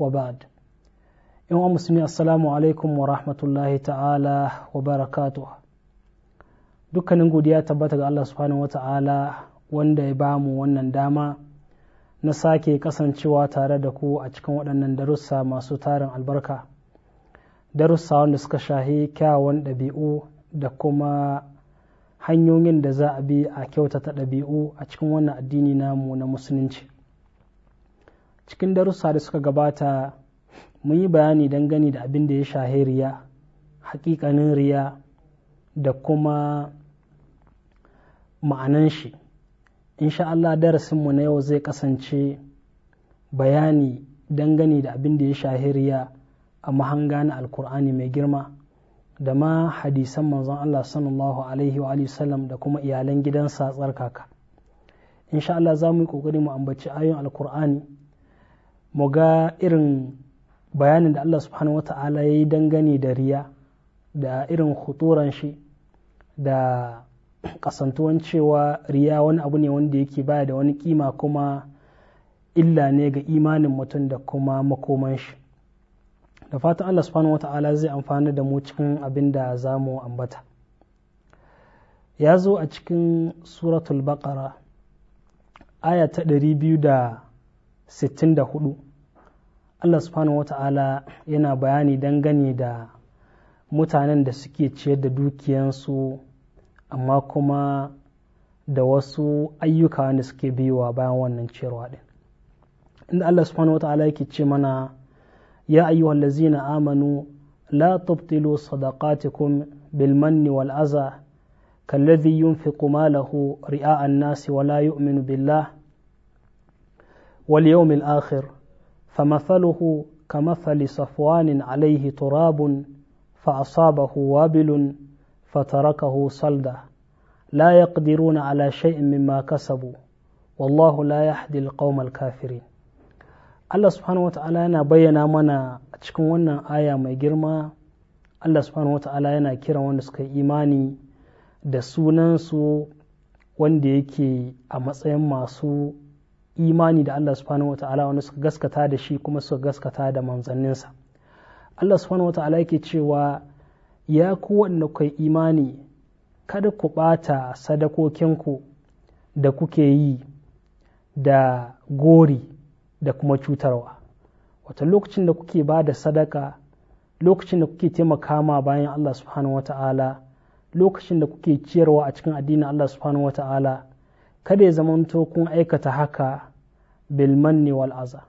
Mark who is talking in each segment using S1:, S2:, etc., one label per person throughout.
S1: wa ba'd yan musulmi assalamu alaikum wa rahmatullahi ta'ala wa barakatuh dukkanin godiya tabbata ga Allah subhanahu wata'ala wanda ya bamu wannan dama na sake kasancewa tare da ku a cikin waɗannan darussa masu tarin albarka darussa wanda suka shahi kyawun ɗabi'u da kuma hanyoyin da za a bi a kyautata ɗabi'u a cikin wannan addini namu na musulunci cikin darussa da suka gabata mun yi bayani dangane da abin da ya shahe riya hakikanin riya da kuma ma'anan shi insha Allah darasinmu na yau zai kasance bayani dangane da abin da ya shahe riya a mahanga na alkur'ani mai girma da ma hadisan manzon Allah sallallahu alaihi wa sallam da kuma iyalan gidansa tsarkaka insha Allah za mu yi ƙoƙari mu ambaci ayon alkur'ani mu ga irin bayanin da Allah subhanahu wa ta'ala ya yi dangane da riya da irin huturan shi da kasantuwan cewa riya wani abu ne wanda yake baya da wani kima kuma illa ne ga imanin mutum da kuma makoman shi da fatan Allah subhanahu ta'ala zai amfana da mu cikin abin da za mu ambata ya zo a cikin suratul baqara aya ta 200 64 Allah subhanahu wa ta'ala yana bayani dangane da mutanen da suke ciyar da dukiyansu amma kuma da wasu ayyuka wanda suke biyowa bayan wannan ciyarwa din inda Allah subhanahu wa ta'ala yake ce mana ya ayyuhal lazina amanu la tubtilu sadaqatikum bil manni wal aza kalladhi yunfiqu malahu ri'a an-nasi wa la yu'minu billah واليوم الآخر فمثله كمثل صفوان عليه تراب فأصابه وابل فتركه صلدة لا يقدرون على شيء مما كسبوا والله لا يهدي القوم الكافرين Allah subhanahu yana bayyana mana cikin wannan aya mai girma Allah subhanahu wata'ala yana kiran wanda suka imani da sunansu wanda yake a matsayin masu imani da Allah subhanahu wata'ala wanda suka gaskata da shi kuma suka gaskata da manzanninsa Allah subhanahu wata'ala yake cewa ya ku wanda kai imani kada ku ɓata sadakokinku da kuke yi da gori da kuma cutarwa wata lokacin da kuke ba da sadaka lokacin da kuke taimaka ma bayan Allah subhanahu wata'ala lokacin da kuke ciyarwa a cikin addinin Allah subhanahu wata'ala kada ya zamanto kun aikata haka bilmanni wal aza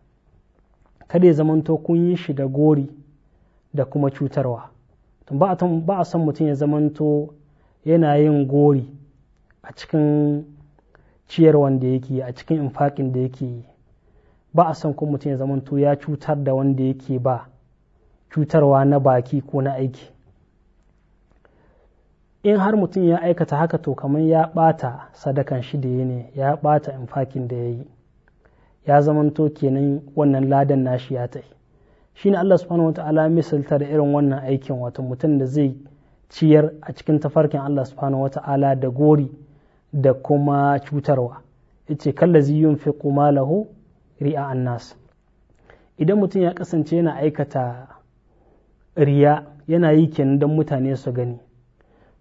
S1: kada ya zamanto kun yi shi da gori da kuma cutarwa ba a son mutum ya zamanto yana yin gori a cikin ciyarwan da yake a cikin infakin da yake yi ba a son kun mutum ya zamanto ya cutar da wanda yake ba cutarwa na baki ko na aiki in har mutum ya aikata haka to kamar ya ɓata sadakan shi da ya ne ya ɓata infakin da ya yi ya zamanto kenan wannan ladan nashi ya tai shine Allah subhanahu ta'ala misalta da irin wannan aikin wato mutum da zai ciyar a cikin tafarkin Allah subhanahu ta'ala da gori da kuma cutarwa yace kallazi yunfiqu malahu ri'a annas idan mutum ya kasance yana aikata riya yana yi kenan don mutane su gani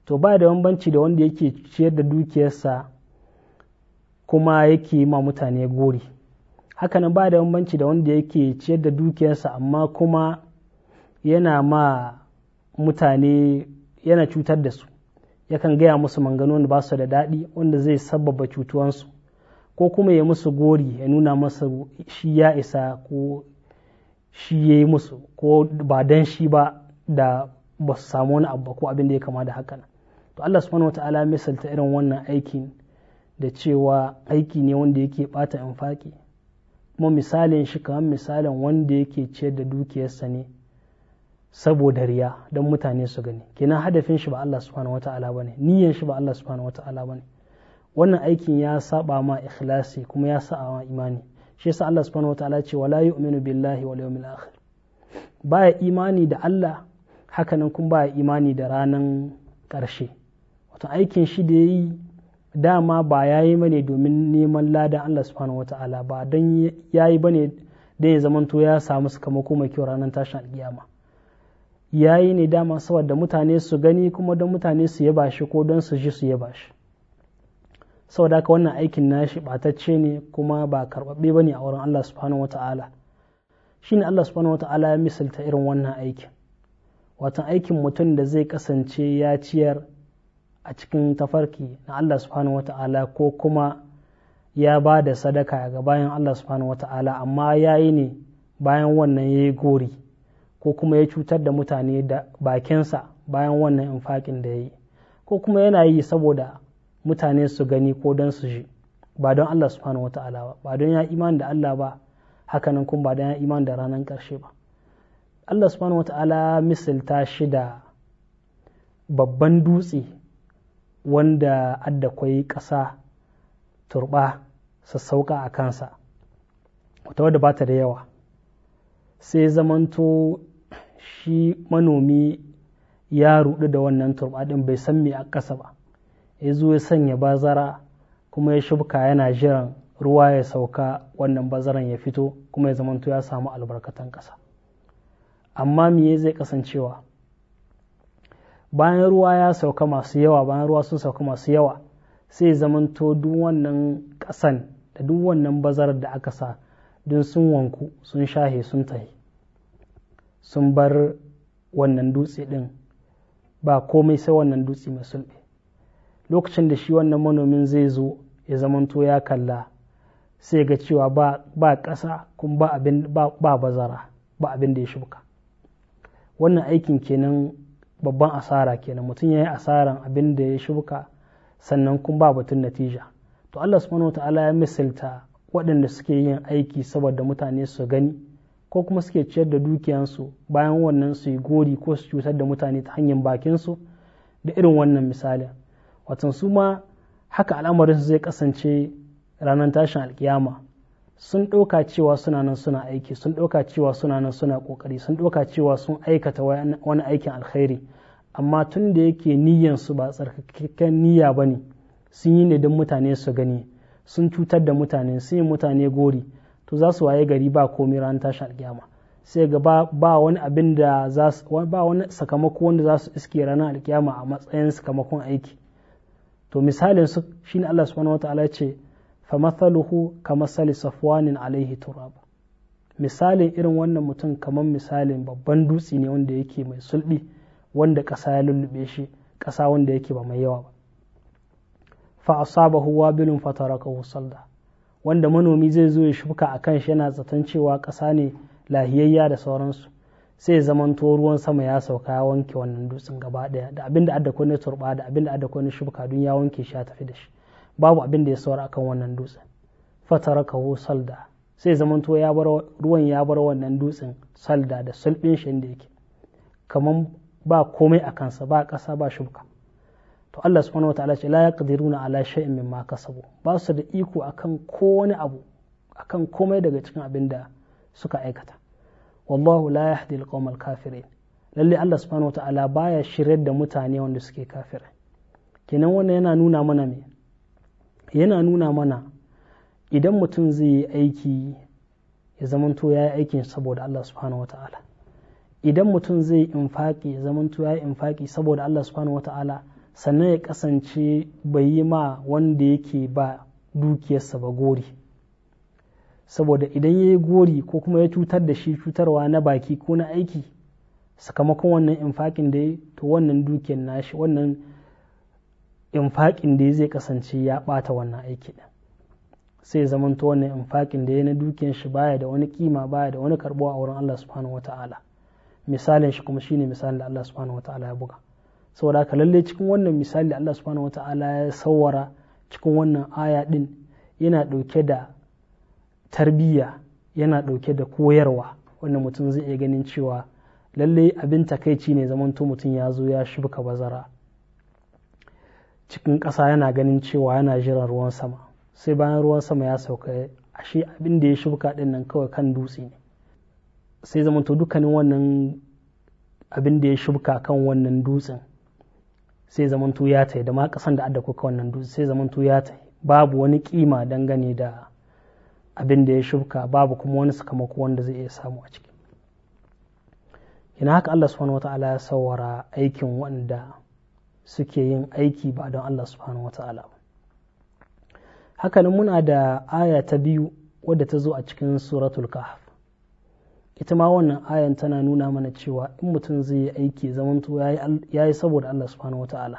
S1: to ba da bambanci da wanda yake ciyar da dukiyarsa kuma yake ma mutane gori hakanan ba da bambanci da wanda yake ciyar da dukiyarsa amma kuma yana ma mutane yana cutar da su yakan gaya musu manganu wanda ba su da daɗi wanda zai sababa cutuwansu ko kuma ya musu gori ya nuna masa shi ya isa ko shi ya yi musu ko ba dan shi ba da ba su samu wani abu ko abin da ya kama da hakanan to Allah subhanahu wataala misalta irin wannan aikin da cewa aiki ne wanda yake bata infaki kuma misalin shi kamar misalin wanda yake ciyar da dukiyarsa ne saboda riya don mutane su gani kenan hadafin shi ba Allah subhanahu wata'ala ne niyyan shi ba Allah subhanahu wata'ala ne. wannan aikin ya saba ma ikhlasi kuma ya saba ma imani shi yasa Allah subhanahu wata'ala ce wala yu'minu billahi wal yawmil akhir baya imani da Allah hakanan kuma baya imani da ranan karshe wato aikin shi da yayi dama ba ya yi mane domin neman lada Allah subhanahu wa ta'ala ba don ya yi bane don ya zamanto ya samu su sakamako mai kyau ranar tashin alkiyama ya yi ne dama saboda mutane su gani kuma don mutane su yaba shi ko don su ji su yaba shi saboda haka wannan aikin nashi batacce ne kuma ba karɓaɓɓe ba ne a wurin Allah subhanahu wa ta'ala shi ne Allah subhanahu wa ta'ala ya misalta irin wannan aikin watan aikin mutum da zai kasance ya ciyar a cikin tafarki na Allah subhanahu ta’ala ko kuma ya ba da sadaka ga bayan Allah subhanahu ta’ala amma ya yi ne bayan wannan ya yi gori ko kuma ya cutar da mutane da bakinsa bayan wannan infakin da ya yi ko kuma yana yi saboda mutane su gani ko don su ji ba don Allah subhanahu ta’ala ba ba don ya iman da Allah ba hakanan kuma ba don ya iman da ranar ƙarshe ba Allah subhanahu ta’ala misalta shi da babban dutse wanda adda kwai ƙasa turɓa sassauƙa a kansa wata wadda ba ta da yawa sai zamanto shi manomi ya rudu da wannan turba ɗin bai san me a ƙasa ba ya zo ya sanya bazara kuma ya shubka yana jiran ruwa ya sauka wannan bazaran ya fito kuma ya zamanto ya samu albarkatan ƙasa amma me zai kasancewa bayan ruwa ya sauka masu yawa bayan ruwa sun sauka masu yawa sai zamanto duk wannan ƙasan da duk wannan bazarar da aka sa duk sun wanku sun shahe sun tahi sun bar wannan dutse ɗin ba komai sai wannan dutse mai sulɓe lokacin da shi wannan manomin zai zo ya zamanto ya kalla sai ga cewa ba ƙasa kuma ba bazara ba abin da ya shuka wannan aikin kenan babban asara kenan mutum ya yi asaran abin da ya shuka sannan kun ba batun natija to Allah subhanahu wa ta'ala ya misalta waɗanda suke yin aiki saboda mutane su gani ko kuma suke ciyar da dukiyansu bayan wannan su yi gori ko su cutar da mutane ta hanyar bakinsu da irin wannan misali watan su ma haka al'amarin zai kasance ranar tashin alkiyama sun ɗauka cewa suna nan suna aiki sun ɗauka cewa suna nan suna ƙoƙari sun ɗauka cewa sun aikata wani aikin alkhairi amma tun da yake su ba tsarkakken niyya ba ne sun yi ne don mutane su gani sun cutar da mutane sun yi mutane gori to za su waye gari ba komai ran tashi alkiyama sai ga ba wani abin da za su ba wani sakamako wanda za su iske ranar alkiyama a matsayin sakamakon aiki to misalin su shine Allah subhanahu wataala ce famathaluhu kamathali safwanin alaihi turab misalin irin wannan mutum kamar misalin babban dutse ne wanda yake mai sulbi wanda ƙasa ya lullube shi ƙasa wanda yake ba mai yawa ba fa asabahu wabilun fatarakahu salda wanda manomi zai zo ya shuka a kan shi yana zaton cewa ƙasa ne lahiyayya da sauransu sai zamanto ruwan sama ya sauka ya wanke wannan dutsen gaba ɗaya da abin da adda na turba da abin da adda na shuka don ya wanke shi ya tafi da shi babu abin da ya saura akan wannan dutsen ho salda sai zamanto ya bar ruwan ya bar wannan dutsen salda da sulbin shi da yake kaman ba komai a kansa ba ƙasa ba shubka to Allah subhanahu wataala ce la yaqdiruna ala shay'in mimma kasabu ba su da iko akan wani abu akan komai daga cikin abin da suka aikata wallahu la yahdi alqawm kafirai. lalle Allah subhanahu wataala baya shiryar da mutane wanda suke kafirai kenan wannan yana nuna mana me yana nuna mana idan mutum zai yi aiki ya zamanto ya yi aikin saboda Allah subhanahu wata'ala idan mutum zai infaki ya zamanto ya yi infaki saboda Allah subhanahu wata'ala sannan ya kasance bai yi ma wanda yake ba dukiyarsa ba gori saboda idan ya yi gori ko kuma ya cutar da shi cutarwa na baki ko na aiki sakamakon wannan infakin da ya to wannan dukiyar nashi wannan infaƙin da zai kasance ya ɓata wannan aiki ɗin sai zamanto wannan infaƙin da ya na dukiyan shi baya da wani kima baya da wani karɓo a wurin Allah subhanahu wata'ala misalin shi kuma shine misalin da Allah subhanahu wata'ala ya buga saboda haka lalle cikin wannan misali da Allah subhanahu wata'ala ya sawara cikin wannan aya ɗin yana ɗauke da tarbiyya yana ɗauke da koyarwa wanda mutum zai iya ganin cewa lallai abin takaici ne zamanto mutum ya zo ya shubka bazara cikin ƙasa yana ganin cewa yana jiran ruwan sama sai bayan ruwan sama ya sauka ashe abin da ya shuka ɗin nan kawai kan dutse ne sai zamanto dukkanin wannan abin da ya shuka kan wannan dutsen sai zamanto ya tai da ma ƙasan da adda kuka wannan dutse sai zamanto ya tai babu wani kima dangane da abin da ya shuka babu kuma wani sakamako wanda zai iya samu a ciki ina haka Allah subhanahu wata'ala ya sawara aikin wanda suke yin aiki ba don Allah subhanahu wa ta'ala hakanan muna da aya ta biyu wadda ta zo a cikin suratul kahf ita ma wannan ayan tana nuna mana cewa in mutum zai yi aiki zamanto ya yi saboda Allah subhanahu ta’ala.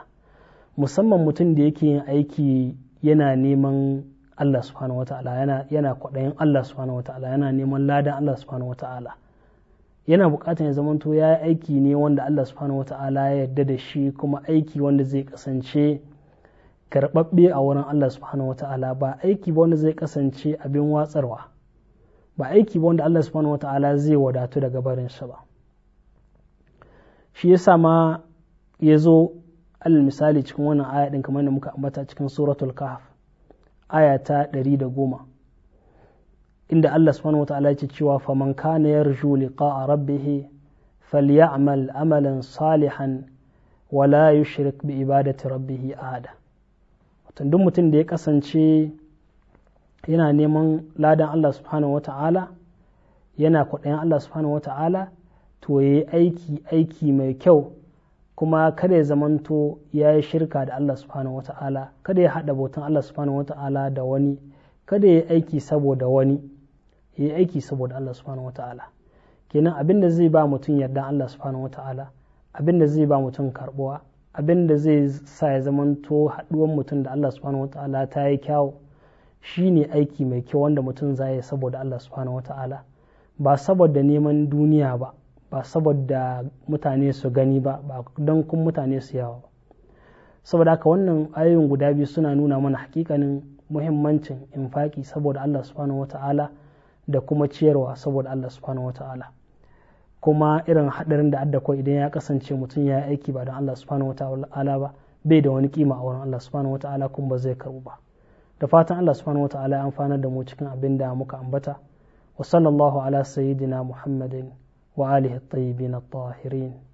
S1: musamman mutum da yake yin aiki yana neman Allah subhanahu ta’ala yana kwaɗayin Allah subhanahu ta’ala yana neman ladan Allah subhanahu ta’ala. yana buƙatar ya zamanto ya yi aiki ne wanda Allah subhanahu wa ta'ala ya yarda da shi kuma aiki wanda zai kasance karɓaɓɓe a wurin Allah subhanahu wa ta'ala ba aiki ba wanda zai kasance abin watsarwa ba aiki ba wanda Allah subhanahu wa ta'ala zai wadatu daga barin shi ba shi yasa ma ya zo alal misali cikin wannan aya din kamar yadda muka ambata cikin suratul kahf aya ta goma. inda Allah subhanahu wataala yake cewa man kana yarju liqa'a rabbih falyamal amalan salihan wala yushrik bi ibadati rabbih ada? wato duk mutum da ya kasance yana neman ladan Allah subhanahu wataala yana kwaɗayin Allah subhanahu wataala to yayi aiki aiki mai kyau kuma kada ya zamanto ya yi shirka da Allah subhanahu wata'ala kada ya haɗa bautan Allah subhanahu wata'ala da wani kada ya yi aiki saboda wani ya yi aiki saboda Allah subhanahu ta'ala kenan abin da zai ba mutum yarda Allah subhanahu wata'ala abin da zai ba mutum karbuwa abin da zai sa ya zamanto haɗuwan mutum da Allah subhanahu ta'ala ta yi kyawu shine aiki mai kyau wanda mutum za yi saboda Allah subhanahu ta'ala ba saboda neman duniya ba ba saboda mutane su gani ba ba don kun mutane su yawa ba saboda haka wannan ayoyin guda biyu suna nuna mana hakikanin muhimmancin infaki saboda Allah subhanahu ta'ala da kuma ciyarwa saboda Allah subhanahu wata'ala kuma irin hadarin da addakwai idan ya kasance mutum ya yi aiki ba don Allah subhanahu wata'ala ba bai da wani kima a wurin Allah subhanahu wata'ala kuma ba zai karbu ba da fatan Allah subhanahu wata'ala ya amfanar da mu cikin abin da muka ambata wa sallallahu ala sayyidina muhammadin wa alihi at-tayyibin at-tahirin